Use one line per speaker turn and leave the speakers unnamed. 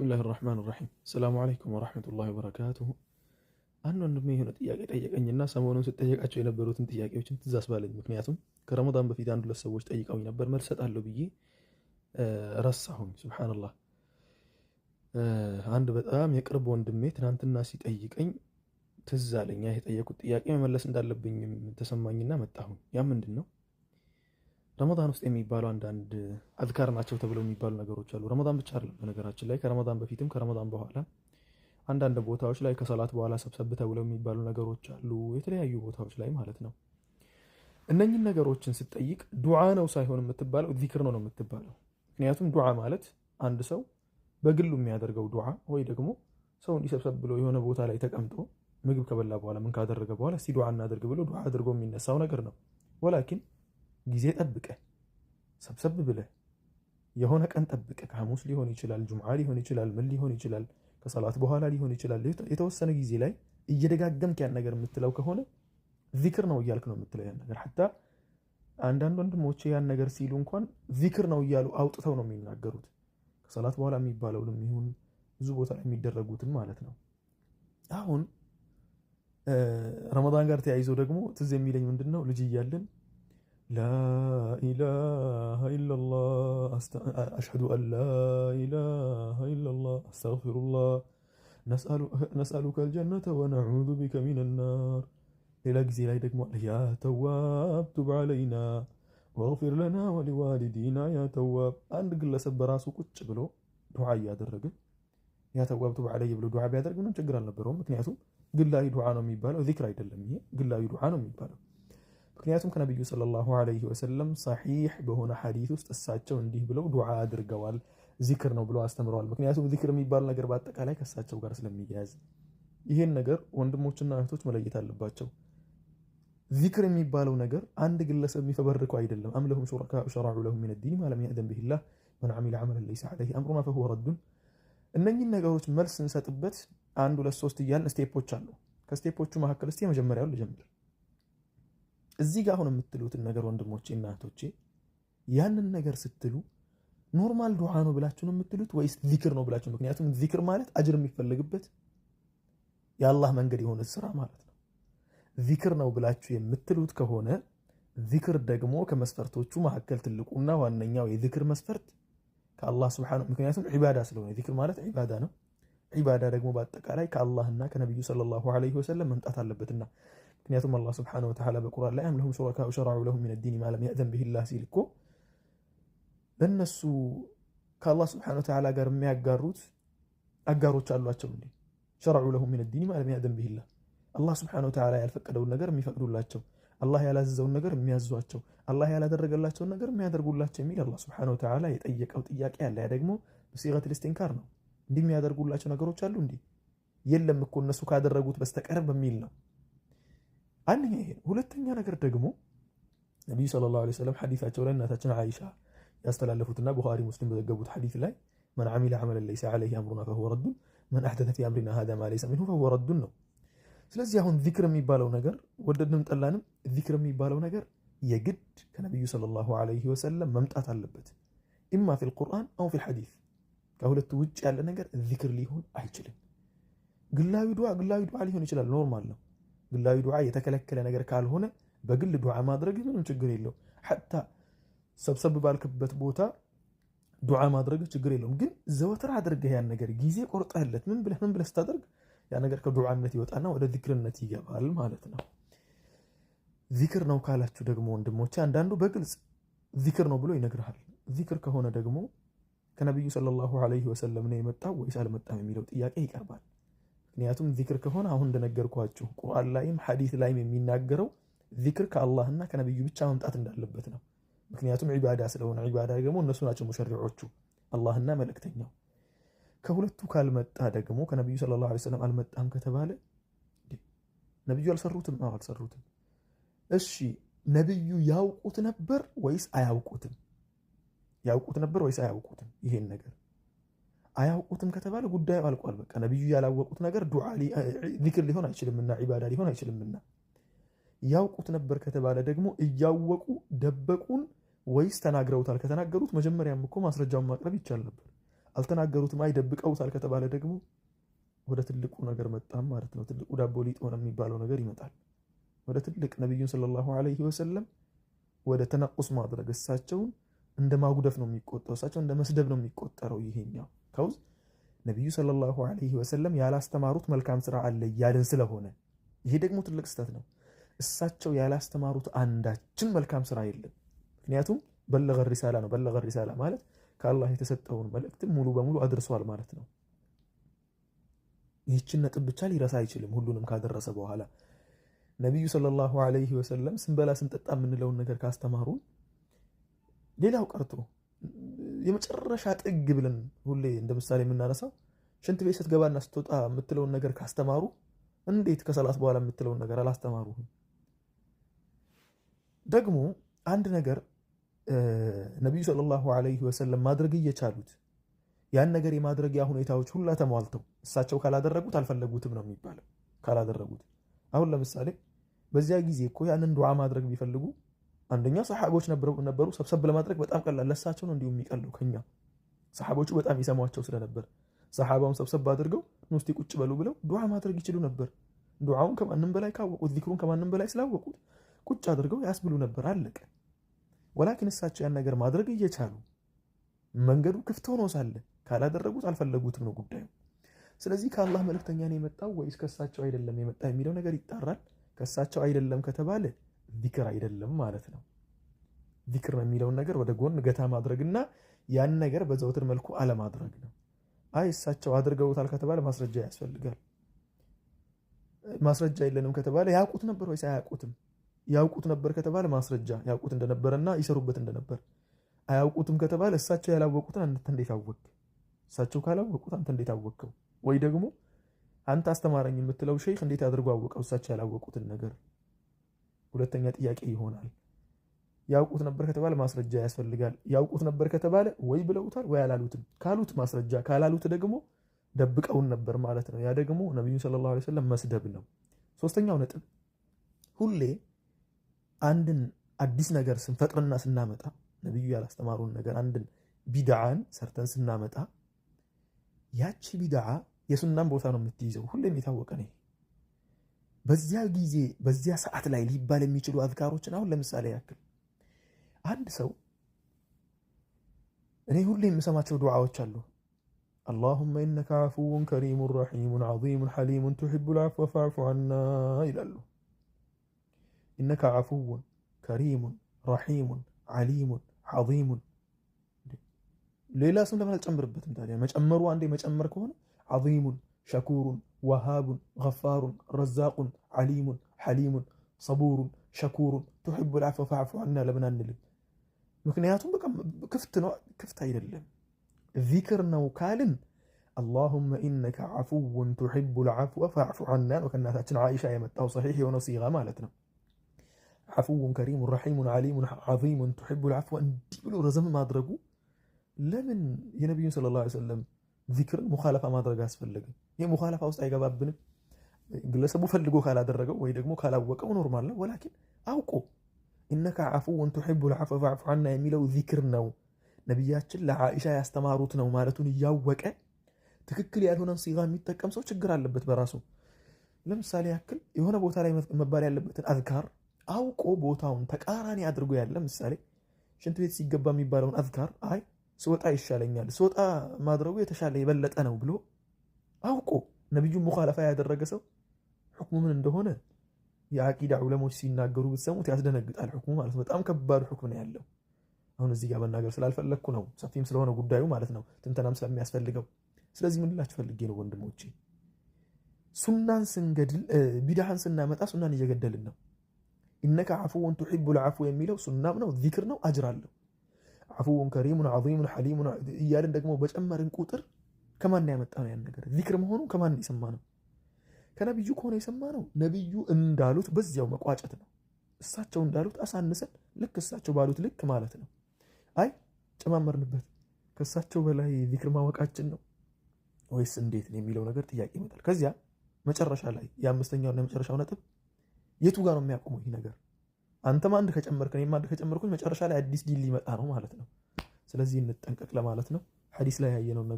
ብስሚላህ ራህማን ራሂም ሰላሙ አለይኩም ወራህመቱላሂ ወበረካቱሁ። አንድ ወንድሜ የሆነ ጥያቄ ጠየቀኝና ሰሞኑን ስጠየቃቸው የነበሩትን ጥያቄዎችን ትዛስ ባለኝ። ምክንያቱም ከረመዳን በፊት አንድ ሁለት ሰዎች ጠይቀውኝ ነበር መልስ ብዬ ረሳሁኝ። ሱብሃነላህ አንድ በጣም የቅርብ ወንድሜ ትናንትና ሲጠይቀኝ ትዝ አለኝ። ያ የጠየቁት ጥያቄ መመለስ እንዳለብኝም ተሰማኝና መጣሁኝ። ያ ምንድን ነው ረመዳን ውስጥ የሚባሉ አንዳንድ አዝካር ናቸው ተብለው የሚባሉ ነገሮች አሉ። ረመዳን ብቻ አይደለም፣ በነገራችን ላይ ከረመዳን በፊትም ከረመዳን በኋላ አንዳንድ ቦታዎች ላይ ከሰላት በኋላ ሰብሰብ ተብለው የሚባሉ ነገሮች አሉ፣ የተለያዩ ቦታዎች ላይ ማለት ነው። እነኝን ነገሮችን ስጠይቅ ዱዓ ነው ሳይሆን የምትባለው ዚክር ነው ነው የምትባለው። ምክንያቱም ዱዓ ማለት አንድ ሰው በግሉ የሚያደርገው ዱዓ ወይ ደግሞ ሰው እንዲሰብሰብ ብሎ የሆነ ቦታ ላይ ተቀምጦ ምግብ ከበላ በኋላ ምን ካደረገ በኋላ እስቲ ዱዓ እናደርግ ብሎ ዱዓ አድርጎ የሚነሳው ነገር ነው ወላኪን ጊዜ ጠብቀ ሰብሰብ ብለ የሆነ ቀን ጠብቀ ከሐሙስ ሊሆን ይችላል፣ ጁምዓ ሊሆን ይችላል፣ ምን ሊሆን ይችላል፣ ከሰላት በኋላ ሊሆን ይችላል። የተወሰነ ጊዜ ላይ እየደጋገምክ ያን ነገር የምትለው ከሆነ ዚክር ነው እያልክ ነው የምትለው ያን ነገር ሐታ አንዳንድ ወንድሞች ያን ነገር ሲሉ እንኳን ዚክር ነው እያሉ አውጥተው ነው የሚናገሩት። ከሰላት በኋላ የሚባለው ይሁን ብዙ ቦታ ላይ የሚደረጉትን ማለት ነው። አሁን ረመዳን ጋር ተያይዞ ደግሞ ትዝ የሚለኝ ምንድን ነው ልጅ እያለን لا إله إلا الله أست... أشهد أن لا إله إلا الله أستغفر الله نسأل... نسألك الجنة ونعوذ بك من النار إليك زيليتك يا تواب تب علينا واغفر لنا ولوالدينا يا تواب أنت قل سب راسك كتش بلو دعاء يا درجة يا تواب تب علي بلو دعاء بيادرك من شجران لبرو مكنياتو قل لا يدعانا نمي ذكرى يدلم قل لا يدعانا نمي ምክንያቱም ከነቢዩ ሰለላሁ ዐለይሂ ወሰለም ሰሒሕ በሆነ ሐዲት ውስጥ እሳቸው እንዲህ ብለው ዱዓ አድርገዋል። ዚክር ነው ብለው አስተምረዋል። ምክንያቱም ዚክር የሚባል ነገር በአጠቃላይ ከእሳቸው ጋር ስለሚያያዝ ይህን ነገር ወንድሞችና እህቶች መለየት አለባቸው። ዚክር የሚባለው ነገር አንድ ግለሰብ የሚፈበርከው አይደለም። አምለሁም ሹረካ ሸራዑ ለሁም ሚነ ዲን ማለም ለም የእዘን ቢሂላህ መን ዐሚለ ዐመለን ለይሰ ዐለይሂ አምሩና ፈሁወ ረዱን። እነኚህን ነገሮች መልስ እንሰጥበት አንድ ሁለት ሶስት እያልን ስቴፖች አሉ። ከስቴፖቹ መካከል እስቲ የመጀመሪያውን ልጀምር። እዚህ ጋር አሁን የምትሉትን ነገር ወንድሞቼ እናቶቼ፣ ያንን ነገር ስትሉ ኖርማል ዱዓ ነው ብላችሁ ነው የምትሉት ወይስ ዚክር ነው ብላችሁ? ምክንያቱም ዚክር ማለት አጅር የሚፈልግበት የአላህ መንገድ የሆነ ስራ ማለት ነው። ዚክር ነው ብላችሁ የምትሉት ከሆነ ዚክር ደግሞ ከመስፈርቶቹ መካከል ትልቁና ዋነኛው የዚክር መስፈርት ከአላህ ስብሐነ ምክንያቱም ዒባዳ ስለሆነ ዚክር ማለት ዒባዳ ነው። ዒባዳ ደግሞ በአጠቃላይ ከአላህና ከነቢዩ ሰለላሁ ዐለይሂ ወሰለም መምጣት አለበትና ምክንያቱም አላህ ስብሓነሁ ወተዓላ በቁርአን ላይ አም ለሁም ሹረካኡ ሸረዑ ለሁም ሚነ ዲኒ ማ ለም የእዘን ቢሂ ላህ ሲል እኮ በእነሱ ከአላህ ስብሓነሁ ወተዓላ ጋር የሚያጋሩት አጋሮች አሏቸው እንዴ? ሸረዑ ለሁም ሚነ ዲኒ ማ ለም የእዘን ቢሂ አላህ ስብሓነሁ ወተዓላ ያልፈቀደውን ነገር የሚፈቅዱላቸው፣ አላህ ያላዘዘውን ነገር የሚያዟቸው፣ አላህ ያላደረገላቸውን ነገር የሚያደርጉላቸው የሚል አላህ ስብሓነሁ ወተዓላ የጠየቀው ጥያቄ አለ። ያ ደግሞ በሲገተል ኢስቲንካር ነው። እንዲህ የሚያደርጉላቸው ነገሮች አሉ እንዴ? የለም እኮ እነሱ ካደረጉት በስተቀር በሚል ነው አንደኛ ይሄ ሁለተኛ ነገር ደግሞ ነቢዩ ሰለላሁ ዐለይሂ ወሰለም ሐዲታቸው ላይ እናታችን አይሻ ያስተላለፉትና ቡኻሪ ሙስሊም በዘገቡት ሐዲት ላይ መን ዐሚለ ዐመለን ለይሰ ዐለይሂ አምሩና ፈሁወ ረዱን፣ መን አሕደተ ፊ አምሪና ሀዛ ማ ለይሰ ሚንሁ ፈሁወ ረዱን ነው። ስለዚህ አሁን ዚክር የሚባለው ነገር ወደድንም ጠላንም ዚክር የሚባለው ነገር የግድ ከነቢዩ ሰለላሁ ዐለይሂ ወሰለም መምጣት አለበት። ኢማ ፊል ቁርአን አው ፊል ሐዲት፣ ከሁለቱ ውጭ ያለ ነገር ዚክር ሊሆን አይችልም። ግላዊ ዱዓ ግላዊ ዱዓ ሊሆን ይችላል፣ ኖርማል ነው ግላዊ ዱዓ የተከለከለ ነገር ካልሆነ በግል ዱዓ ማድረግ ምንም ችግር የለው። ሐታ ሰብሰብ ባልክበት ቦታ ዱዓ ማድረግ ችግር የለውም። ግን ዘወትር አድርገህ ያን ነገር ጊዜ ቆርጠህለት ምን ብለህ ምን ብለህ ስታደርግ ያ ነገር ከዱዓነት ይወጣና ወደ ዚክርነት ይገባል ማለት ነው። ዚክር ነው ካላችሁ ደግሞ ወንድሞቼ፣ አንዳንዱ በግልጽ ዚክር ነው ብሎ ይነግርሃል። ዚክር ከሆነ ደግሞ ከነቢዩ ሰለላሁ ዐለይሂ ወሰለም ነው የመጣው ወይስ አልመጣም የሚለው ጥያቄ ይቀርባል። ምክንያቱም ዚክር ከሆነ አሁን እንደነገርኳችሁ ቁርአን ላይም ሐዲስ ላይም የሚናገረው ዚክር ከአላህና ከነቢዩ ብቻ መምጣት እንዳለበት ነው። ምክንያቱም ዒባዳ ስለሆነ ዒባዳ ደግሞ እነሱ ናቸው ሙሸሪዖቹ አላህና መልእክተኛው። ከሁለቱ ካልመጣ ደግሞ ከነቢዩ ሰለላሁ ዐለይሂ ወሰለም አልመጣም ከተባለ ነቢዩ አልሰሩትም? አዎ አልሰሩትም። እሺ ነቢዩ ያውቁት ነበር ወይስ አያውቁትም? ያውቁት ነበር ወይስ አያውቁትም? ይሄን ነገር አያውቁትም ከተባለ ጉዳዩ አልቋል። በቃ ነቢዩ ያላወቁት ነገር ዱዓ ዚክር ሊሆን አይችልምና ዒባዳ ሊሆን አይችልምና ያውቁት ነበር ከተባለ ደግሞ እያወቁ ደበቁን ወይስ ተናግረውታል? ከተናገሩት መጀመሪያም እኮ ማስረጃውን ማቅረብ ይቻል ነበር። አልተናገሩትም አይ ደብቀውታል ከተባለ ደግሞ ወደ ትልቁ ነገር መጣም ማለት ነው። ትልቁ ዳቦ ሊጥ ሆነ የሚባለው ነገር ይመጣል። ወደ ትልቅ ነቢዩን ሰለላሁ ዐለይሂ ወሰለም ወደ ተነቁስ ማድረግ እሳቸውን እንደ ማጉደፍ ነው የሚቆጠረው። እሳቸው እንደ መስደብ ነው የሚቆጠረው ይሄኛው ስናስታውስ ነቢዩ ሰለላሁ ዐለይሂ ወሰለም ያላስተማሩት መልካም ስራ አለ እያልን ስለሆነ ይሄ ደግሞ ትልቅ ስህተት ነው። እሳቸው ያላስተማሩት አንዳችን መልካም ስራ የለም። ምክንያቱም በለገ ሪሳላ ነው። በለገ ሪሳላ ማለት ከአላህ የተሰጠውን መልእክት ሙሉ በሙሉ አድርሷል ማለት ነው። ይህችን ነጥብ ብቻ ሊረሳ አይችልም። ሁሉንም ካደረሰ በኋላ ነቢዩ ሰለላሁ ዐለይሂ ወሰለም ስንበላ ስንጠጣ የምንለውን ነገር ካስተማሩን ሌላው ቀርቶ የመጨረሻ ጥግ ብለን ሁሌ እንደ ምሳሌ የምናነሳው ሽንት ቤት ስትገባና ስትወጣ የምትለውን ነገር ካስተማሩ እንዴት ከሰላት በኋላ የምትለውን ነገር አላስተማሩህም? ደግሞ አንድ ነገር ነቢዩ ሰለላሁ ዐለይሂ ወሰለም ማድረግ እየቻሉት ያን ነገር የማድረጊያ ሁኔታዎች ሁላ ተሟልተው እሳቸው ካላደረጉት አልፈለጉትም ነው የሚባለው። ካላደረጉት አሁን ለምሳሌ በዚያ ጊዜ እኮ ያንን ዱዓ ማድረግ ቢፈልጉ አንደኛ ሰሓቦች ነበሩ። ሰብሰብ ለማድረግ በጣም ቀላል ለሳቸው ነው እንዲሁ የሚቀለው ከኛ ሰሓቦቹ በጣም ይሰማቸው ስለነበር ሰሓባውን ሰብሰብ አድርገው ንስቲ ቁጭ በሉ ብለው ዱዓ ማድረግ ይችሉ ነበር። ዱዓውን ከማንም በላይ ካወቁት፣ ዚክሩን ከማንም በላይ ስላወቁት ቁጭ አድርገው ያስብሉ ነበር። አለቀ። ወላኪን እሳቸው ያን ነገር ማድረግ እየቻሉ መንገዱ ክፍት ሆኖ ሳለ ካላደረጉት አልፈለጉትም ነው ጉዳዩ። ስለዚህ ከአላህ መልክተኛ ነው የመጣው ወይስ ከእሳቸው አይደለም የመጣ የሚለው ነገር ይጣራል። ከእሳቸው አይደለም ከተባለ ዚክር አይደለም ማለት ነው። ዚክር የሚለውን ነገር ወደ ጎን ገታ ማድረግና ያን ነገር በዘውትር መልኩ አለማድረግ ነው። አይ እሳቸው አድርገውታል ከተባለ ማስረጃ ያስፈልጋል። ማስረጃ የለንም ከተባለ ያውቁት ነበር ወይስ አያውቁትም? ያውቁት ነበር ከተባለ ማስረጃ ያውቁት እንደነበረና ይሰሩበት እንደነበር። አያውቁትም ከተባለ እሳቸው ያላወቁትን አንተ እንዴት አወቅ? እሳቸው ካላወቁት አንተ እንዴት አወቅከው? ወይ ደግሞ አንተ አስተማረኝ የምትለው ሼክ እንዴት አድርጎ አወቀው እሳቸው ያላወቁትን ነገር? ሁለተኛ ጥያቄ ይሆናል። ያውቁት ነበር ከተባለ ማስረጃ ያስፈልጋል። ያውቁት ነበር ከተባለ ወይ ብለውታል ወይ አላሉትም። ካሉት ማስረጃ፣ ካላሉት ደግሞ ደብቀውን ነበር ማለት ነው። ያ ደግሞ ነቢዩን ሰለላሁ ዐለይሂ ወሰለም መስደብ ነው። ሶስተኛው ነጥብ ሁሌ አንድን አዲስ ነገር ስንፈጥርና ስናመጣ ነቢዩ ያላስተማሩን ነገር አንድን ቢድዓን ሰርተን ስናመጣ ያቺ ቢድዓ የሱናን ቦታ ነው የምትይዘው። ሁሌም የታወቀ ነው። በዚያ ጊዜ በዚያ ሰዓት ላይ ሊባል የሚችሉ አዝካሮችን አሁን ለምሳሌ ያክል አንድ ሰው እኔ ሁሌ የምሰማቸው ዱዓዎች አሉ። አላሁመ ኢነከ ዓፉውን ከሪሙን ረሒሙን ዓዚሙን ሐሊሙን ቱሒቡል ዓፍወ ፈዕፉ ዐና ይላሉ። ኢነከ ዓፉውን ከሪሙን ረሒሙን ዓሊሙን ዓዚሙን ሌላ ስም ለምን አልጨምርበትም ታዲያ? መጨመሩ አንዴ መጨመር ከሆነ ዓዚሙን ሸኩሩን وهاب غفار رزاق عليم حليم صبور شكور تحب العفو فاعفو عنا لبنان نلب مكنياتهم بكم كفت نوع كفت ذكر نو كالن اللهم انك عفو تحب العفو فاعف عنا وكنا ساتن عائشه يمت او صحيح ونصيغه مالتنا عفو كريم رحيم عليم عظيم تحب العفو ان رزم ما درجو لمن يا نبي صلى الله عليه وسلم ዚክርን ሙኻለፋ ማድረግ አያስፈልግም። ይህ ሙኻለፋ ውስጥ አይገባብንም። ግለሰቡ ፈልጎ ካላደረገው ወይ ደግሞ ካላወቀው ኖርማል ነው። ወላኪን አውቆ ኢነከ ዓፉውን ቱሒቡል ዓፍወ ፈዕፉ ዐና የሚለው ዚክር ነው። ነቢያችን ለዓኢሻ ያስተማሩት ነው ማለቱን እያወቀ ትክክል ያልሆነን ሲጋ የሚጠቀም ሰው ችግር አለበት በራሱ። ለምሳሌ ያክል የሆነ ቦታ ላይ መባል ያለበትን አዝካር አውቆ ቦታውን ተቃራኒ አድርጎ ያለ ምሳሌ ሽንት ቤት ሲገባ የሚባለውን አዝካር አይ ስወጣ ይሻለኛል፣ ስወጣ ማድረጉ የተሻለ የበለጠ ነው ብሎ አውቆ ነቢዩን ሙኻለፋ ያደረገ ሰው ሕክሙ ምን እንደሆነ የአቂዳ ዑለሞች ሲናገሩ ብትሰሙት ያስደነግጣል። ሕክሙ ማለት ነው፣ በጣም ከባድ ሕክም ነው ያለው። አሁን እዚህ ጋር መናገር ስላልፈለግኩ ነው፣ ሰፊም ስለሆነ ጉዳዩ ማለት ነው፣ ትንተናም ስለሚያስፈልገው። ስለዚህ ምን ልላችሁ ፈልጌ ነው ወንድሞቼ፣ ሱናን ስንገድል ቢድሃን ስናመጣ ሱናን እየገደልን ነው። ኢነከ ዓፉውን ቱሒቡል ዓፉ የሚለው ሱናም ነው፣ ዚክር ነው፣ አጅር አለው። አፉውን ከሪሙን አዚሙን ሐሊሙን እያለን ደግሞ በጨመርን ቁጥር ከማን ያመጣ ነው ያን ነገር ዚክር መሆኑ ከማን የሰማ ነው? ከነቢዩ ከሆነ የሰማ ነው። ነቢዩ እንዳሉት በዚያው መቋጨት ነው። እሳቸው እንዳሉት አሳንሰን ልክ እሳቸው ባሉት ልክ ማለት ነው። አይ ጨማመርንበት ከእሳቸው በላይ ዚክር ማወቃችን ነው ወይስ እንዴት ነው የሚለው ነገር ጥያቄ ይመጣል። ከዚያ መጨረሻ ላይ የአምስተኛውና የመጨረሻው ነጥብ የቱ ጋር ነው የሚያቆመው ይህ ነገር? አንተም አንድ ከጨመርክ እኔም አንድ ከጨመርኩኝ መጨረሻ ላይ አዲስ ዲል ሊመጣ ነው ማለት ነው። ስለዚህ እንጠንቀቅ ለማለት ነው። ሐዲስ ላይ ያየነው ነገር